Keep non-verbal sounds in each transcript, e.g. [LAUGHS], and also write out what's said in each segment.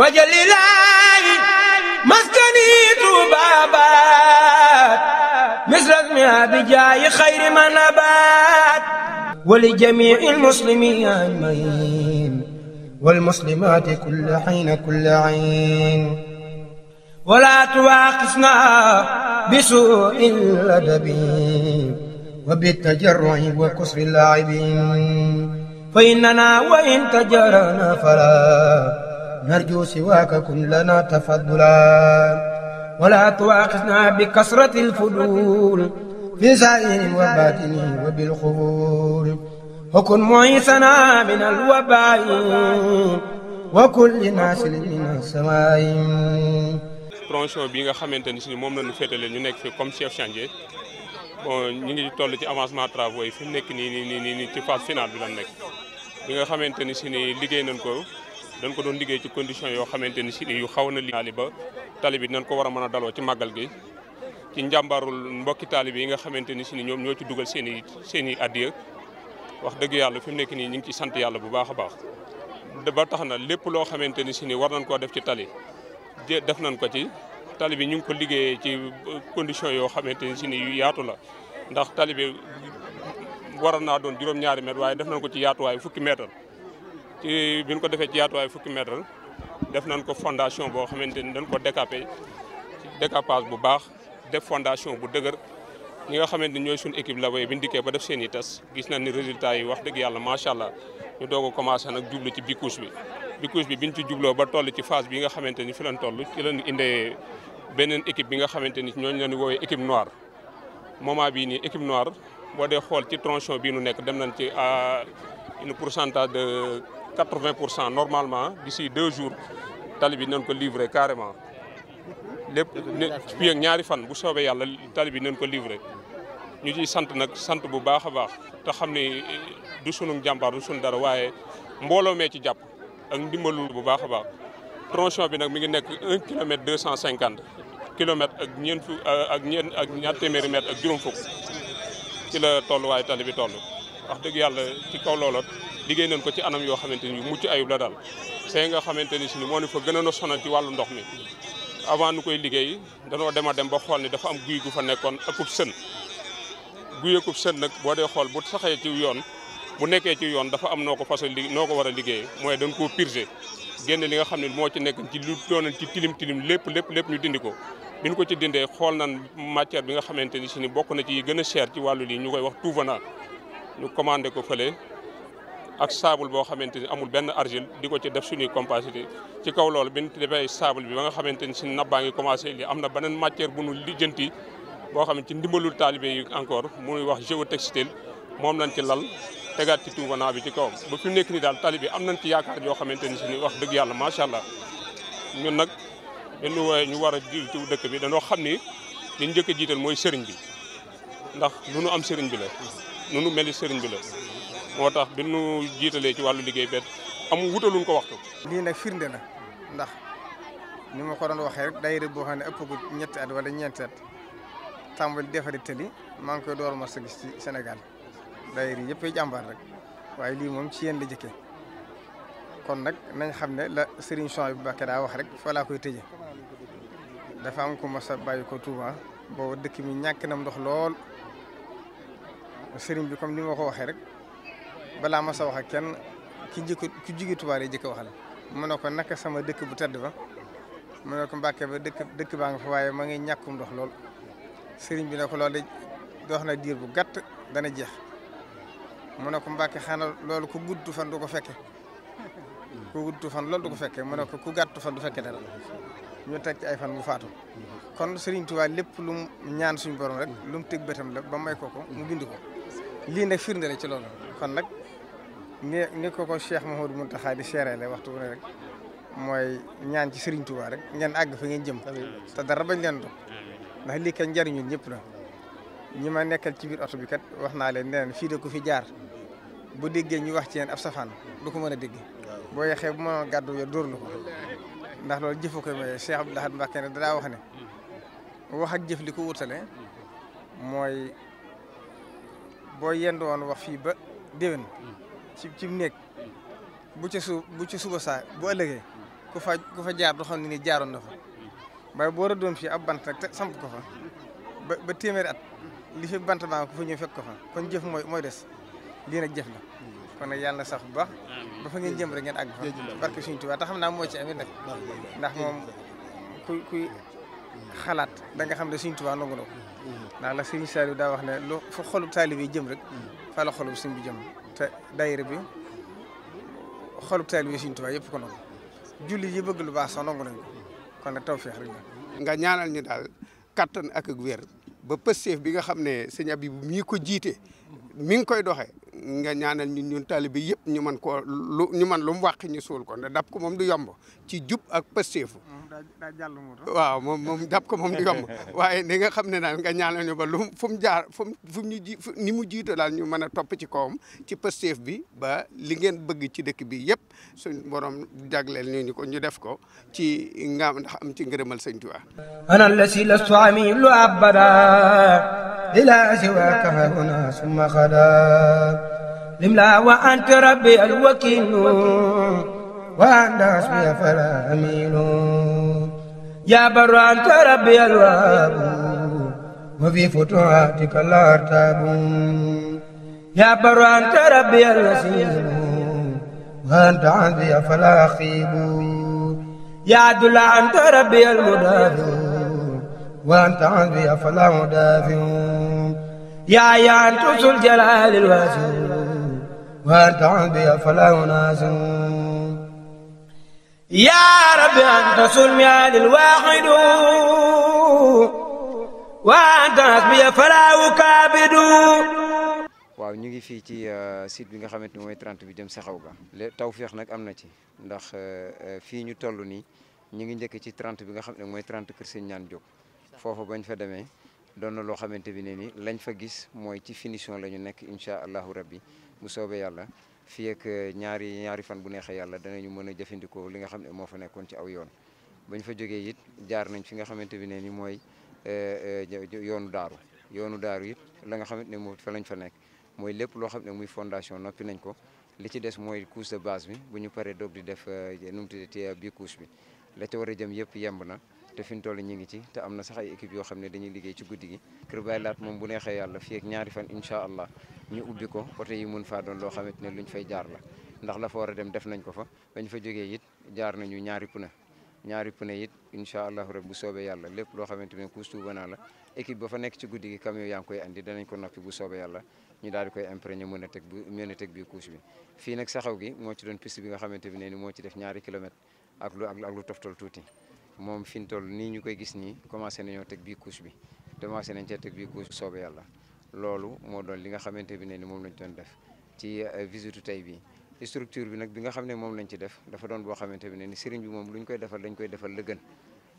wajalilaayi maskani tuubaabaat misras mi abijaayi xayri ma nabaat wali jamiil muslimiin ajmaïn wal muslimaati kulla xiina kulla ayn wala tuwaaqisna bisuui ladabi wa bitajarrui wa kusri laabin fa innana wa in tajarana fala نرجو سواك كن لنا تفضلا ولا تواخذنا بكثرة الفضول في سائر وباطنه وبالخبور وكن معيسنا من الوباء وكل ناس من السماء promotion bi nga xamante ni si moom la ñu féetale ñu nekk fi comme chef chantier bon ñu ngi toll ci avancement travaux yi fi mu nekk nii nii nii ci phase finale bi lan nekk bi nga xamante ni si ni liggéey nañ ko dañ ko doon liggéey ci condition yoo xamante ni si ni yu xaw na li ba tali bi nañ ko war a mën a daloo ci màggal gi ci njàmbaarul mbokki taalibe yi nga xamante ni si ni ñoom ñoo ci dugal seen i seen i wax dëgg yàlla fu mu nekk nii ñu ngi ci sant yàlla bu baax a baax ba tax na lépp loo xamante ni si ni war nañ koo def ci tali def nañ ko ci tali bi ñu ngi ko liggéeyee ci euh, condition yoo xamante ni si ni yu yaatu la ndax tali bi waroon naa doon juróom-ñaari mètre waaye def nañ ko ci fukki mètre ci bi ñu ko defee ci yaatuwaay fukki mètre def nañ ko fondation boo xamante ni dañ ko décapé décapage bu baax def fondation bu dëgër ñi nga xamante ñooy suñu équipe la bay bi ñu ba def seen i tas gis nañ ni résultat yi wax dëgg yàlla macha allah ñu doog a nag jublu ci bicouche bi bicouche bi biñ ci jubloo ba toll ci phase bi nga xamante ni fi lañ toll ci lañ indee beneen équipe bi nga xamante ni ñooñu la ñu woowee équipe noire moment bii nii équipe noire boo dee xool ci tronçon bii nu nekk dem nañ ci à une de 80 pour cent normalement d'ici deux jours tali bi nañ ko livrer carrément lépp ak ñaari fan bu soobee yàlla tali bi nañ ko livrer ñu ciy sant nag sant bu baax a baax te xam ni eh, du sunu jàmbaar du sunu dara waaye mbooloo mee ci jàpp ak ndimbalul bu baax a baax tronçon bi nag mi ngi nekk un kilomètre deux cent cinquante kilomètre ak ñeent fu euh, ak ñeent ak ñaar téeméeri mètre ak juróom fukk ci la tolluwaay tali bi toll wax dëgg yàlla ci kaw loola liggéey nañ ko ci anam yoo xamante ni mucc ayib la daal nga xamante ni si moo ne fa gënoon a sonal ci wàllu ndox mi avant nu koy liggéey danoo dem a dem ba xool ni dafa am guy gu fa nekkoon akub sën guy akub sën nag boo dee xool bu saxee ci yoon bu nekkee ci yoon dafa am noo ko façon li noo ko war a liggéey mooy dañ ko purger génn li nga xam ne moo ci nekk ci lu doonoon ci tilim tilim lépp lépp lépp ñu dindi ko bi ñu ko ci dindee xool nan matière bi nga xamante ni si ni bokk na ci gën a cher ci wàllu lii ñu koy wax tout venant ñu commandé ko fële ak sable boo xamante ni amul benn argile di ko ci def suñuy compacité ci kaw loolu bi ñu defee sable bi ba nga xamante ni si nabbaa ngi commencé li am na beneen matière bu nu lijjanti boo xam ne ci ndimbalul taalibe encore muy wax géotextile moom lañ ci lal tegaat ci tuubanaa bi ci kawam ba ci mu nekk ni daal taalibe am nañ ci yaakaar yoo xamante ni si ni wax dëgg yàlla macha allah ñun nag dañu wooye ñu war a jiitu ci dëkk bi dañoo xam ni li njëkk a jiital mooy sëriñ bi ndax lu nu am sëriñ bi la lu nu meli sëriñ bi la moo tax bi nu jiitalee ci wàllu liggéey benn amul wutaluñ ko waxtu. lii nag firnde la ndax ni ma ko doon waxee rek boo xam ne ëpp gu ñetti at wala ñeenti at tàmbali defari tëli maa ngi koy door ma a gis ci Sénégal daayira yëpp ay jàmbaar rek waaye lii moom ci yéen la jëkkee kon nag nañ xam ne la Serigne Chouaib bu Mbacké daa wax rek fa laa koy tëjee dafa am ku mos a bàyyi ko Touba boo dëkk mi ñàkk na ndox lool Serigne bi comme ni ma ko waxee rek. balaa ma sa ak kenn ki jikko ki jigi Tuubaa yi jëkk waxal mu ne ko naka sama dëkk bu tedd ba mu mbake ko ba dëkk dëkk baa ngi fa waaye ma ngi ñàkkum ndox lool sëriñ bi ne lool loolu dox na diir bu gàtt dana jeex mu ne ko Mbàkke xanaa loolu ku gudd fan du ko fekke ku gudd fan loolu du ko fekke mu ne ko ku gàtt fan du fekke dara ñu teg ci ay fan bu faatu kon sëriñ Tuubaa lépp lu ñaan suñu borom rek lu mu tëgg bëtam la ba may ko ko mu bind ko lii nag firnde la ci loolu kon nag ni ni ko ko Cheikh Mouhamadou Mountakha di seereele waxtu bu ne rek mooy ñaan ci Serigne Touba rek ngeen àgg fa ngeen jëm te dara bañ leen do ndax lii kat njariñul ñëpp la ñi ma nekkal ci biir oto bi kat wax naa leen neneen fii de ku fi jaar bu déggee ñu wax ci yeen ab safaan du ko mën a dégg boo yexee bu mënoon gàddu yo dóor la ko ndax loolu jëfa koy maye Cheikh Abdou Lahad Mbacké ne dadaa wax ne wax ak jëf li ko wutale mooy boo yend woon wax fii ba déwén ci ci néeg bu ci su bu ci suba saa bu ëllëgee ku fa ku fa jaar du xam ne ni jaaroon na fa waaye boo doon fii ab bant te samp ko fa ba ba téeméeri at li fi bant baa ku fa ñëw fekk fa kon jëf mooy mooy des lii nag jëf la kon nag yàlla na sax bu baax ba fa ngeen jëm rek ngeen àgg fa barke suñu ti te xam naa moo ci amit nag ndax moom kuy kuy xalaat danga xam ne Sëriñ Tuubaa nangu na ko ndax la Sëriñ Saliou daa wax ne lu fa xolub taalib yi jëm rek fa la xolub sëñ bi jëm te daayira bi xolub taalib yi Sëriñ Tuubaa yëpp ko nangu julli yi bëgg lu baax sax nangu nañ ko kon nag tawfeex rek la nga ñaanal ñu daal kattan ak gu wér ba pësteef bi nga xam ne sëñ Abibou mii ko jiite mi ngi koy doxee nga ñaanal ñun ñun taalibe yëpp ñu mën ko lu ñu mën lu mu wàq ñu suul ko ndax dab ko moom du yomb ci jub ak pësteefu waaw moom moom dab ko moom du yomb [LAUGHS] waaye ni nga xam ne daal nga ñaanal ñu ba lu fu mu jaar fu ñu ji ni mu jiito daal ñu mën a topp ci kawam ci pësteef bi ba li ngeen bëgg ci dëkk bi yëpp suñ borom jagleel ñu ñu ko ñu def ko ci nga ndax am ci ngërëmal sëñ Tuubaa إلى سواك هنا ثم خدا لملا وأنت ربي الوكيل وأنت حسبي فلا أميل يا بر أنت ربي الواب وفي فتوحاتك لا أرتاب يا بر أنت ربي الوسيل وأنت عندي فلا أخيب يا عدل أنت ربي المدافع وأنت عندي فلا مدافع يا يا أنت الجلال الواسع وارتع بي فلا أناسى يا رب أنت سلمي الواحد وأنت حسبي فلا أكابد waaw ñu ngi fii ci euh, site bi nga xamante ni mooy 30 bi jëm saxaw ga tawféex nag am na ci ndax euh, euh, fii ñu toll nii ñu ngi njëkk ci 30 bi nga xam ne mooy 30 kër sëñ ñaan jóg foofu bañ fa demee doon na loo xamante bi ne ni lañ fa gis mooy ci finition la ñu nekk incha allahu rabbi bu soobee yàlla fii ak ñaari ñaari fan bu neexee yàlla ñu mën a jëfandikoo li nga xam ne moo fa nekkoon ci aw yoon bañ fa jógee it jaar nañ fi nga xamante bi ne ni mooy eh, eh, yoonu daaru yoonu daaru it la nga xamante ne moo fa lañ fa nekk mooy lépp loo xam ne muy fondation noppi nañ ko li ci des mooy couche de base bi bu ñu paree doog di def eh, nu mu tuddati bi couche bi la ca war a jëm yëpp yemb na te fi ñu toll ñu ngi ci te am na sax ay équipe yoo xam ne dañuy liggéey ci guddi gi Kër Baye Laat moom bu neexee yàlla fii ñaari fan incha allah ñu ubbi ko oto yi mun faa doon loo xamante ne luñ fay jaar la ndax la fa war a dem def nañ ko fa bañ fa jógee it jaar nañu ñaari pneu ñaari pneu it incha allah rek bu soobee yàlla lépp loo xamante ne couche Touba naa la équipe ba fa nekk ci guddi gi camion yaa ngi koy andi danañ ko noppi bu soobee yàlla ñu daal di koy imprégné mën a teg bi mën a bi couche fii nag saxaw gi moo ci doon piste bi nga xamante ne ni moo ci def ñaari kilomètre ak lu ak lu toftal tuuti moom fi ñu toll nii ñu koy gis nii commencé nañoo teg bii couche bi commencé nañ cee teg bii couche soobee yàlla loolu moo doon li nga xamante bi ne ni moom lañ doon def ci euh, visite tey bi structure bi nag bi nga xam ne moom lañ ci def dafa doon boo xamante bi ne ni sëriñ bi moom lu ñu koy defal dañ koy defal la gën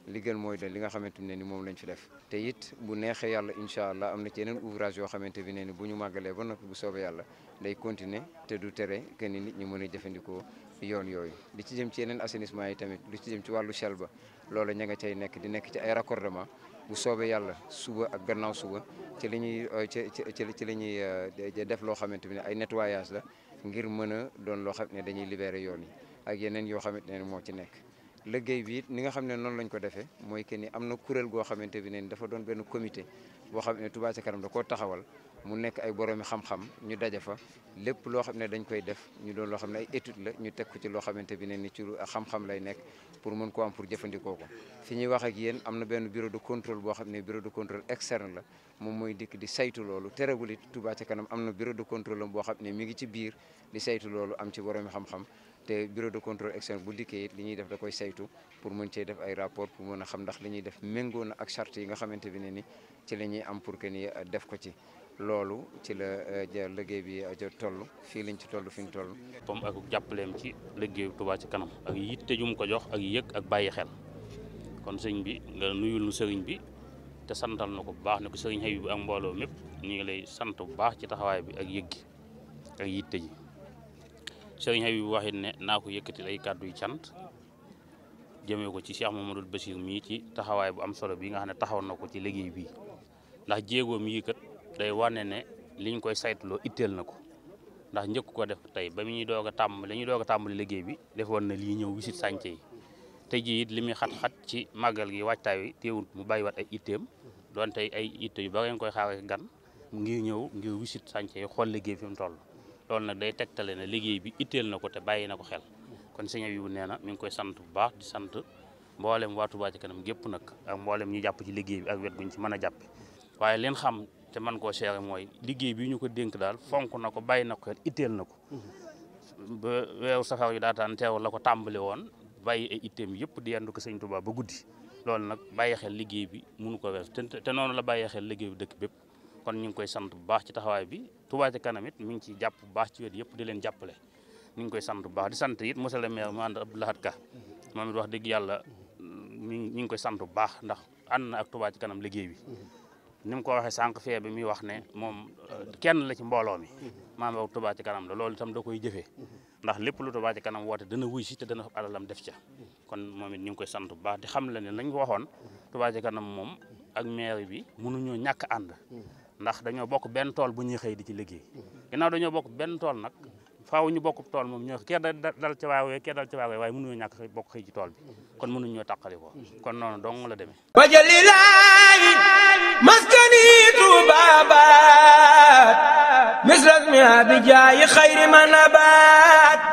li gën mooy doon li nga xamante bi ne ni moom lañ fi def te it bu neexee yàlla incha allah am na ci yeneen ouvrage yoo xamante bi ne ni bu ñu màggalee ba noppi bu soobee yàlla day continuer te du tere que ni nit ñi mën a jëfandikoo yoon yooyu li ci jëm ci yeneen assainissement yi tamit lu ci jëm ci wàllu chel ba loolu ña nga cay nekk di nekk ci ay raccordement bu soobee yàlla suba ak gannaaw suba ci li ñuy euh, ci ci ci li ñuy euh, def loo xamante ne ay nettoyage la ngir mën a doon loo xam ne dañuy libérer yoon yi ak yeneen yoo xamante ne moo ci nekk. liggéey biit ni nga xam ne noonu lañ ko defee mooy que ni am na kuréel goo xamante bi ne dafa doon benn comité boo xam ne Touba ca kanam da koo taxawal. mu nekk ay boroomi xam-xam ñu daje fa lépp loo xam ne dañ koy def ñu doon loo xam ne ay étude la ñu teg ko ci loo xamante bi ne ni ci ah, xam lay nekk pour mën ko am pour jëfandikoo ko fi ñuy wax ak yéen am na benn bureau de contrôle boo xam ne bureau de contrôle externe la moom mooy dikk di saytu loolu terewul it Touba ca kanam am na bureau de contrôle am boo xam ne mi ngi ci biir di saytu loolu am ci boroomi te bureau de contrôle externe bu dikkee li ñuy def da koy saytu pour mën cee def ay rapport pour mën a xam ndax li ñuy def méngoo na ak charte yi nga xamante bi ne ni ci la ñuy am pour que ni ah, def ko ci loolu ci la euh, liggéey bi euh, toll fii lañ ci toll fi ñu toll. comme ak jàppaleem ci liggéeyu Touba ci kanam ak yitte ju mu ko jox ak yëg ak bàyyi xel kon sëñ bi nga nuyul sëriñ bi te santal na ko bu baax ne ko sëriñ Habib mbooloo mépp ñu ngi lay sant bu baax ci taxawaay bi ak yëg gi ak yitte ji sëriñ bi waxit ne naa ko yëkkati lay kàddu yu cant jëmee ko ci Cheikh Mamadou Bachir mii ci taxawaay bu am solo bi nga xam ne taxaw na ko ci léggéey bi ndax jéegoom yii day wane ne liñ koy saytuloo itteel na ko ndax njëkk ko def tey ba mu ñuy doog a tàmbali li ñuy a tàmbali liggéey bi defoon na lii ñëw wisit sànce yi te jii it li muy xat-xat ci màggal gi waajtaay wi teewul mu bàyyiwaat ay itteem donte ay itte yu ba ngeen koy xaaree gan ngir ñëw ngir wisit sànce yi xool liggéey fi mu toll loolu nag day tegtale ne liggéey bi itteel na ko te bàyyi na ko xel kon sëñ bi bu nee na mi ngi koy sant bu baax di sant mboolem waa Touba kanam gépp nag ak mboolem ñu jàpp ci liggéey bi ak wet guñ ci mën a jàppe waaye leen xam te man koo seere mooy liggéey bi ñu ko dénk daal fonk na ko bàyyi na ko itteel na ko ba weeru safar yu daataan teew la ko tàmbali woon bàyyi ay itteem yëpp di yendu ko sëñ Tuubaa ba guddi loolu nag bàyyi xel liggéey bi munu ko wees te noonu la bàyyi xel liggéey bi dëkk bépp kon ñu ngi koy sant bu baax ci taxawaay bi Touba ci kanam it mi ngi ciy jàpp bu baax ci wet yëpp di leen jàppale ñu ngi koy sant bu baax di sant it monsieur le maire mu ànd Abdou Lahad Ka moom it wax dëgg yàlla mm, mi ñu ngi koy sant bu baax ndax ànd na ak Touba ci kanam liggéey bi ni mu ko waxee sànq fee bi muy wax ne moom euh, kenn la ci mbooloo mi maam ak Touba ci kanam la loolu itam da koy jëfee ndax lépp lu Touba ci kanam woote dana wuy si te dana alalam def ca kon moom it ñu ngi koy sant bu baax di xam la lañ ko waxoon Touba ci moom ak maire bi mënuñoo ñàkk ànd ndax dañoo bokk benn tool bu ñuy xëy di ci liggéey ginnaaw dañoo bokk benn tool nag faaw ñu bokk tool moom ñoo kee dal ci waawee kee dal ci waawee waaye mënuñoo ñàkk bokk xëy ci tool bi kon mënuñoo tàqali ko kon noonu dong la demee maskani Tuubaa baat misras mi abijaayi xayri ma nabaat